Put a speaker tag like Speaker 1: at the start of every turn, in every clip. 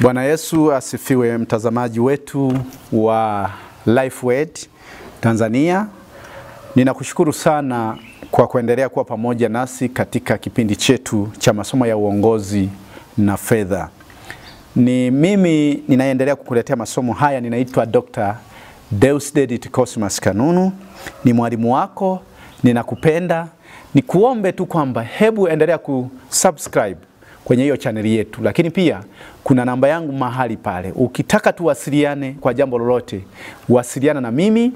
Speaker 1: Bwana Yesu asifiwe, mtazamaji wetu wa LifeWed Tanzania. Ninakushukuru sana kwa kuendelea kuwa pamoja nasi katika kipindi chetu cha masomo ya uongozi na fedha. Ni mimi ninaendelea kukuletea masomo haya, ninaitwa Dr. Deusdedit Cosmas Kanunu, ni mwalimu wako, ninakupenda. Nikuombe tu kwamba hebu endelea kusubscribe kwenye hiyo chaneli yetu, lakini pia kuna namba yangu mahali pale. Ukitaka tuwasiliane kwa jambo lolote, wasiliana na mimi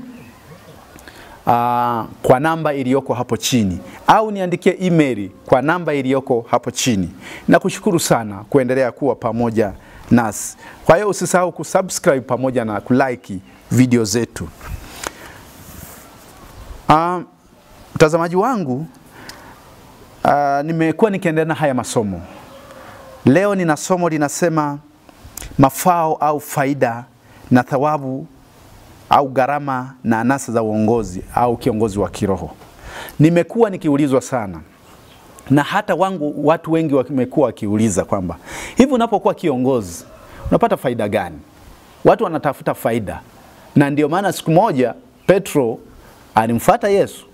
Speaker 1: aa, kwa namba iliyoko hapo chini au niandikie email kwa namba iliyoko hapo chini. Nakushukuru sana kuendelea kuwa pamoja nasi. Kwa hiyo usisahau kusubscribe pamoja na kulike video zetu. Aa, mtazamaji wangu uh, nimekuwa nikiendelea na haya masomo Leo nina somo linasema mafao au faida na thawabu au gharama na anasa za uongozi au kiongozi wa kiroho. Nimekuwa nikiulizwa sana na hata wangu watu wengi wamekuwa wakiuliza kwamba hivi unapokuwa kiongozi unapata faida gani? Watu wanatafuta faida, na ndio maana siku moja Petro alimfuata Yesu,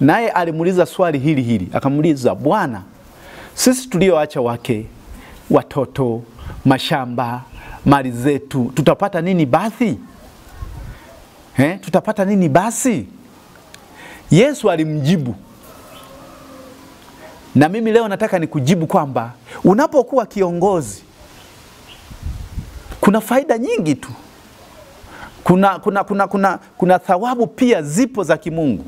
Speaker 1: naye alimuuliza swali hili hili, akamuuliza Bwana, sisi tulioacha wake watoto, mashamba, mali zetu, tutapata nini basi? Eh, tutapata nini basi? Yesu alimjibu, na mimi leo nataka nikujibu kwamba unapokuwa kiongozi kuna faida nyingi tu, kuna, kuna, kuna, kuna, kuna thawabu pia zipo za kimungu.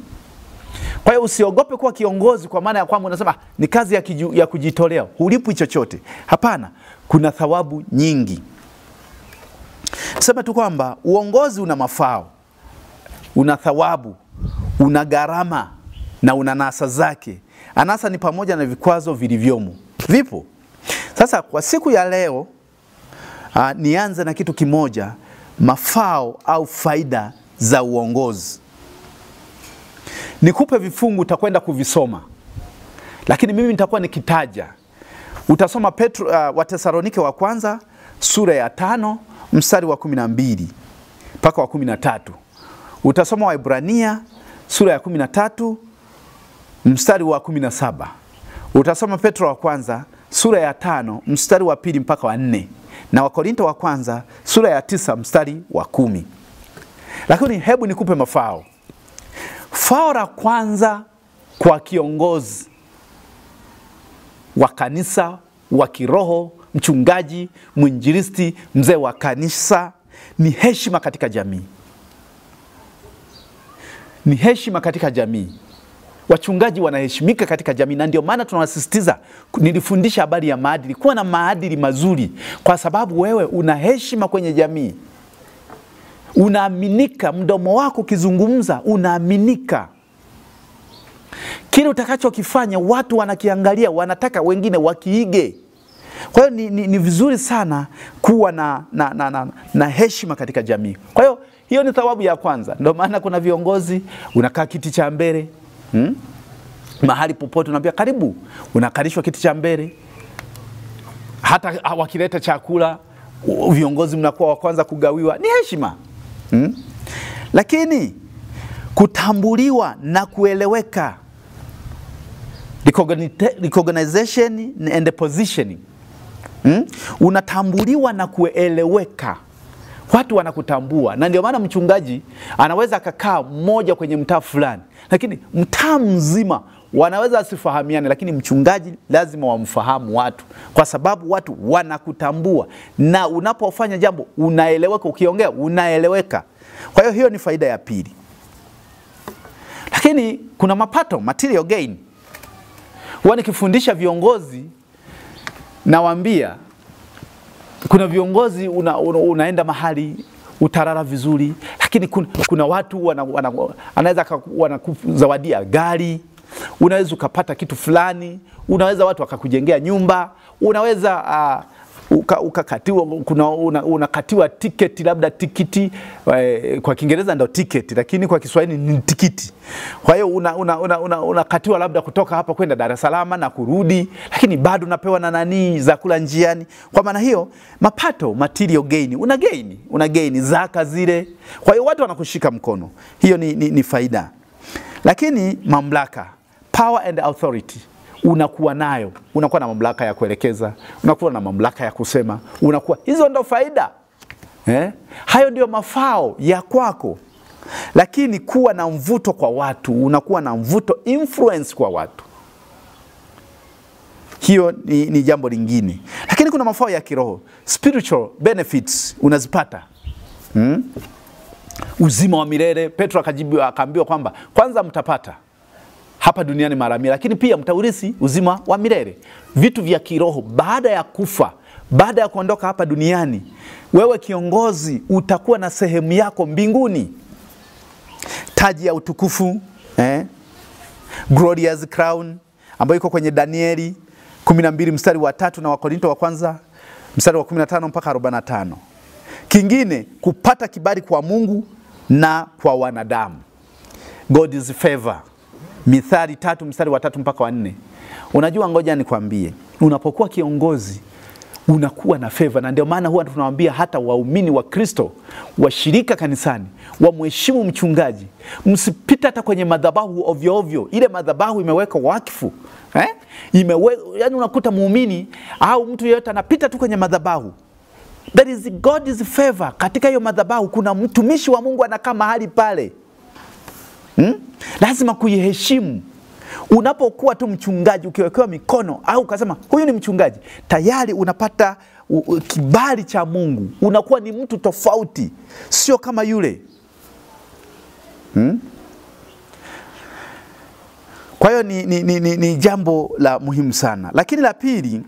Speaker 1: Kwa hiyo usiogope kuwa kiongozi kwa maana ya kwamba unasema ni kazi ya, kiju, ya kujitolea hulipwi chochote. Hapana, kuna thawabu nyingi. Sema tu kwamba uongozi una mafao, una thawabu, una gharama na una nasa zake. Anasa ni pamoja na vikwazo vilivyomo, vipo. Sasa kwa siku ya leo ah, nianze na kitu kimoja, mafao au faida za uongozi. Nikupe vifungu utakwenda kuvisoma, lakini mimi nitakuwa nikitaja. Utasoma Petro, uh, Watesalonike wa kwanza sura ya tano mstari wa kumi na mbili mpaka wa kumi na tatu. Utasoma waibrania sura ya kumi na tatu mstari wa kumi na saba. Utasoma Petro wa kwanza sura ya tano mstari wa pili mpaka wa nne na Wakorinto wa kwanza sura ya tisa mstari wa kumi. Lakini hebu nikupe mafao Fao la kwanza kwa kiongozi wa kanisa wa kiroho, mchungaji, mwinjilisti, mzee wa kanisa ni heshima katika jamii, ni heshima katika jamii. Wachungaji wanaheshimika katika jamii, na ndio maana tunawasisitiza. Nilifundisha habari ya maadili, kuwa na maadili mazuri, kwa sababu wewe una heshima kwenye jamii unaaminika. Mdomo wako ukizungumza unaaminika. Kile utakachokifanya watu wanakiangalia, wanataka wengine wakiige. Kwa hiyo ni, ni, ni vizuri sana kuwa na, na, na, na, na heshima katika jamii. Kwa hiyo hiyo ni thawabu ya kwanza. Ndio maana kuna viongozi unakaa kiti cha mbele hmm? mahali popote unaambia karibu, unakalishwa kiti cha mbele. Hata ah, wakileta chakula viongozi mnakuwa wa kwanza kugawiwa. Ni heshima hmm? Lakini kutambuliwa na kueleweka, recognition and positioning hmm? Unatambuliwa na kueleweka, watu wanakutambua, na ndio maana mchungaji anaweza akakaa mmoja kwenye mtaa fulani, lakini mtaa mzima wanaweza wasifahamiane, lakini mchungaji lazima wamfahamu watu, kwa sababu watu wanakutambua na unapofanya jambo unaeleweka, ukiongea unaeleweka. Kwa hiyo hiyo ni faida ya pili, lakini kuna mapato, material gain. Huwa nikifundisha viongozi nawaambia, kuna viongozi una, una, unaenda mahali utarara vizuri, lakini kuna, kuna watu wana, wana, anaweza wanakuzawadia gari unaweza ukapata kitu fulani, unaweza watu wakakujengea nyumba, unaweza uh, uka, ukakatiwa kuna una, unakatiwa tiketi labda tikiti e, kwa Kiingereza ndo tiketi lakini kwa Kiswahili ni tikiti. Kwa hiyo unakatiwa una, una, una, una labda kutoka hapa kwenda Dar es Salaam na kurudi, lakini bado unapewa na nani za kula njiani. Kwa maana hiyo mapato, material gain, una gain, una gain zaka zile. Kwa hiyo watu wanakushika mkono, hiyo ni, ni, ni faida. Lakini mamlaka power and authority unakuwa nayo, unakuwa na mamlaka ya kuelekeza, unakuwa na mamlaka ya kusema, unakuwa hizo ndo faida eh? Hayo ndio mafao ya kwako, lakini kuwa na mvuto kwa watu, unakuwa na mvuto influence kwa watu, hiyo ni, ni jambo lingine. Lakini kuna mafao ya kiroho spiritual benefits unazipata hmm? Uzima wa milele. Petro akajibu akaambiwa kwamba kwanza mtapata hapa duniani mara mia, lakini pia mtaurithi uzima wa milele. Vitu vya kiroho baada ya kufa, baada ya kuondoka hapa duniani, wewe kiongozi utakuwa na sehemu yako mbinguni, taji ya utukufu eh? Glorious crown ambayo iko kwenye Danieli 12 mstari wa tatu na Wakorinto wa kwanza mstari wa 15 mpaka 45. Kingine kupata kibali kwa Mungu na kwa wanadamu, God's favor Mithali tatu mstari wa tatu mpaka wa nne. Unajua, ngoja nikwambie, unapokuwa kiongozi unakuwa na feva, na ndio maana huwa tunawambia hata waumini wa Kristo washirika kanisani wamheshimu mchungaji, msipite hata kwenye madhabahu ovyo ovyo. Ile madhabahu imeweka wakfu eh? Imewe, yani unakuta muumini au mtu yeyote anapita tu kwenye madhabahu That is God's favor. Katika hiyo madhabahu kuna mtumishi wa Mungu anakaa mahali pale lazima kuiheshimu. Unapokuwa tu mchungaji, ukiwekewa mikono au ukasema huyu ni mchungaji, tayari unapata kibali cha Mungu, unakuwa ni mtu tofauti, sio kama yule hmm? Kwa hiyo ni, ni, ni, ni, ni jambo la muhimu sana, lakini la pili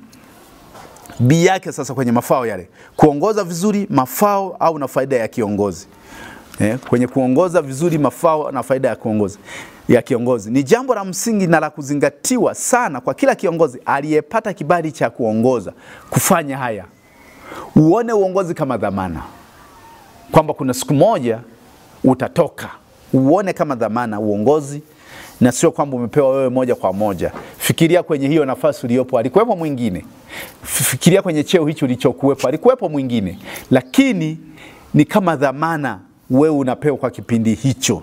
Speaker 1: bii yake sasa kwenye mafao yale, kuongoza vizuri mafao au na faida ya kiongozi eh, kwenye kuongoza vizuri, mafao na faida ya kuongoza ya kiongozi ni jambo la msingi na la kuzingatiwa sana kwa kila kiongozi aliyepata kibali cha kuongoza kufanya haya. Uone uongozi kama dhamana, kwamba kuna siku moja utatoka. Uone kama dhamana uongozi, na sio kwamba umepewa wewe moja kwa moja. Fikiria kwenye hiyo nafasi uliyopo, alikuwepo mwingine. Fikiria kwenye cheo hicho ulichokuwepo, alikuwepo mwingine, lakini ni kama dhamana wewe unapewa kwa kipindi hicho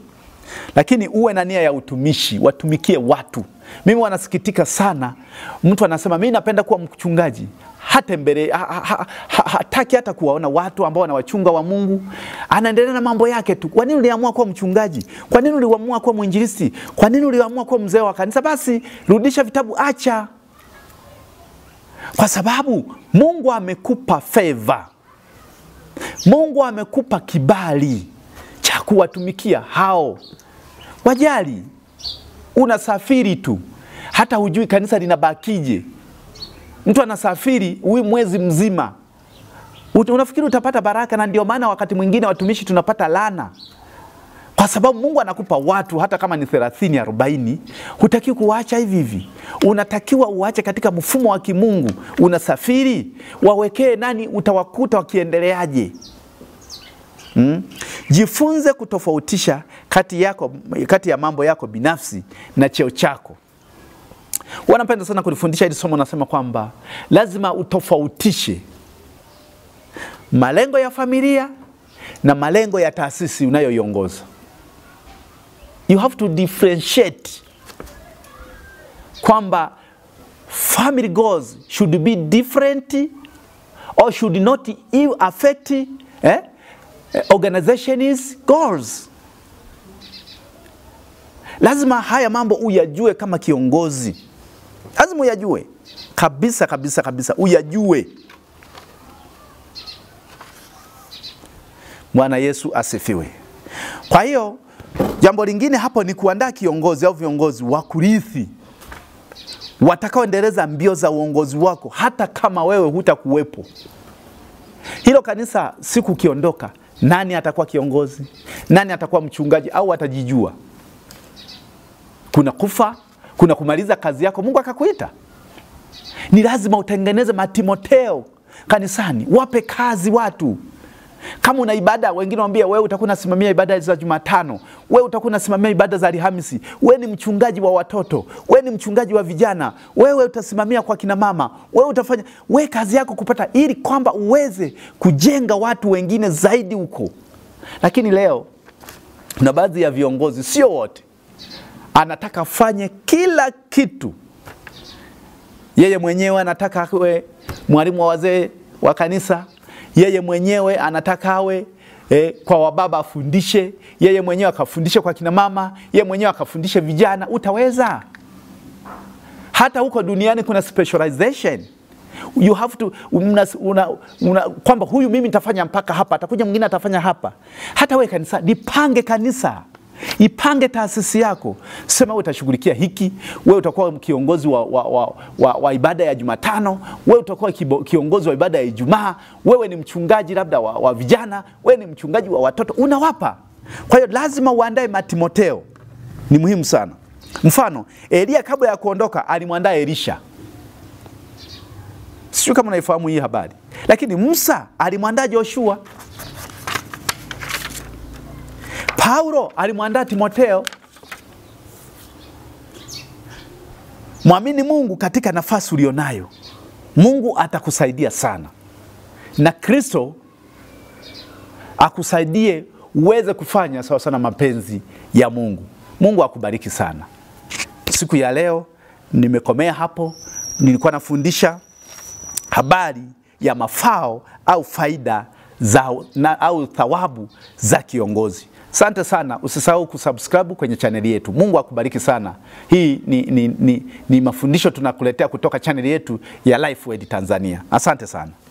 Speaker 1: lakini uwe na nia ya utumishi, watumikie watu. Mimi wanasikitika sana, mtu anasema mimi napenda kuwa mchungaji, hatembele hataki ha, ha, ha, hata kuwaona watu ambao wanawachunga wa Mungu, anaendelea na mambo yake tu. Kwa nini uliamua kuwa mchungaji? Kwa nini uliamua kuwa mwinjilisti? Kwa nini uliamua kuwa mzee wa kanisa? Basi rudisha vitabu, acha, kwa sababu Mungu amekupa feva Mungu amekupa kibali kuwatumikia hao. Wajali, unasafiri tu, hata hujui kanisa linabakije. Mtu anasafiri huyu mwezi mzima, unafikiri utapata baraka? Na ndio maana wakati mwingine watumishi tunapata lana kwa sababu Mungu anakupa watu hata kama ni thelathini arobaini, hutaki kuwaacha hivi hivi, unatakiwa uache katika mfumo wa kimungu. Unasafiri, wawekee nani, utawakuta wakiendeleaje? hmm? Jifunze kutofautisha kati, yako, kati ya mambo yako binafsi na cheo chako. Wanapenda sana kulifundisha hili somo, nasema kwamba lazima utofautishe malengo ya familia na malengo ya taasisi unayoiongoza. You have to differentiate kwamba family goals should be different or should not affect eh? Eh, organization is goals. Lazima haya mambo uyajue kama kiongozi, lazima uyajue kabisa kabisa kabisa, uyajue. Bwana Yesu asifiwe. Kwa hiyo jambo lingine hapo ni kuandaa kiongozi au viongozi wa kurithi watakaoendeleza mbio za uongozi wako hata kama wewe hutakuwepo. Hilo kanisa sikukiondoka, nani atakuwa kiongozi, nani atakuwa mchungaji au atajijua. Kuna kufa, kuna kumaliza kazi yako Mungu akakuita. Ni lazima utengeneze Matimoteo kanisani, wape kazi watu. Kama una ibada, wengine wambia wewe utakuwa unasimamia ibada za Jumatano, wewe utakuwa unasimamia ibada za Alhamisi, wewe ni mchungaji wa watoto, wewe ni mchungaji wa vijana, wewe utasimamia kwa kina mama, wewe utafanya, wewe kazi yako kupata, ili kwamba uweze kujenga watu wengine zaidi huko. Lakini leo na baadhi ya viongozi, sio wote, anataka afanye kila kitu yeye mwenyewe, anataka akwe mwalimu wa wazee wa kanisa yeye mwenyewe anataka awe E, kwa wababa afundishe yeye mwenyewe akafundishe kwa kina mama, yeye mwenyewe akafundishe vijana. Utaweza? Hata huko duniani kuna specialization you have to una, una, una, kwamba huyu mimi nitafanya mpaka hapa, atakuja mwingine atafanya hapa. Hata wewe kanisa, nipange kanisa Ipange taasisi yako, sema wewe utashughulikia hiki, wewe utakuwa kiongozi wa, wa, wa, wa, wa ibada ya Jumatano, wewe utakuwa kiongozi wa ibada ya Ijumaa, wewe ni mchungaji labda wa, wa vijana, wewe ni mchungaji wa watoto, unawapa. Kwa hiyo lazima uandae Matimoteo, ni muhimu sana. Mfano, Elia kabla ya kuondoka alimwandaa Elisha. Sijui kama unaifahamu hii habari, lakini Musa alimwandaa Joshua. Paulo alimwandaa Timotheo Mwamini Mungu katika nafasi ulionayo. Mungu atakusaidia sana, na Kristo akusaidie uweze kufanya sawa sana mapenzi ya Mungu. Mungu akubariki sana. Siku ya leo nimekomea hapo. Nilikuwa nafundisha habari ya mafao au faida za, na, au thawabu za kiongozi. Asante sana, usisahau kusubscribe kwenye chaneli yetu. Mungu akubariki sana. Hii ni, ni, ni, ni mafundisho tunakuletea kutoka chaneli yetu ya Lifeway Tanzania. Asante sana.